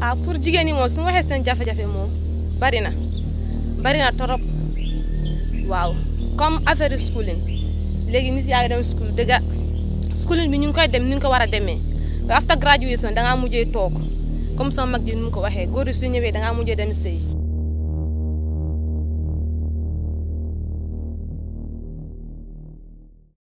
ah pour jigéen ñi moom su ma waxee seen jafe-jafe moom bari na bari trop waaw comme affaire schooling léegi nit yaa ngi dem school dëgg schooling bi ñu ngi koy dem ni ñu ko war a demee after graduation dangaa mujjee toog comme sa mag ji ni mu ko waxee góor yi su ñëwee danga mujjee dem sëy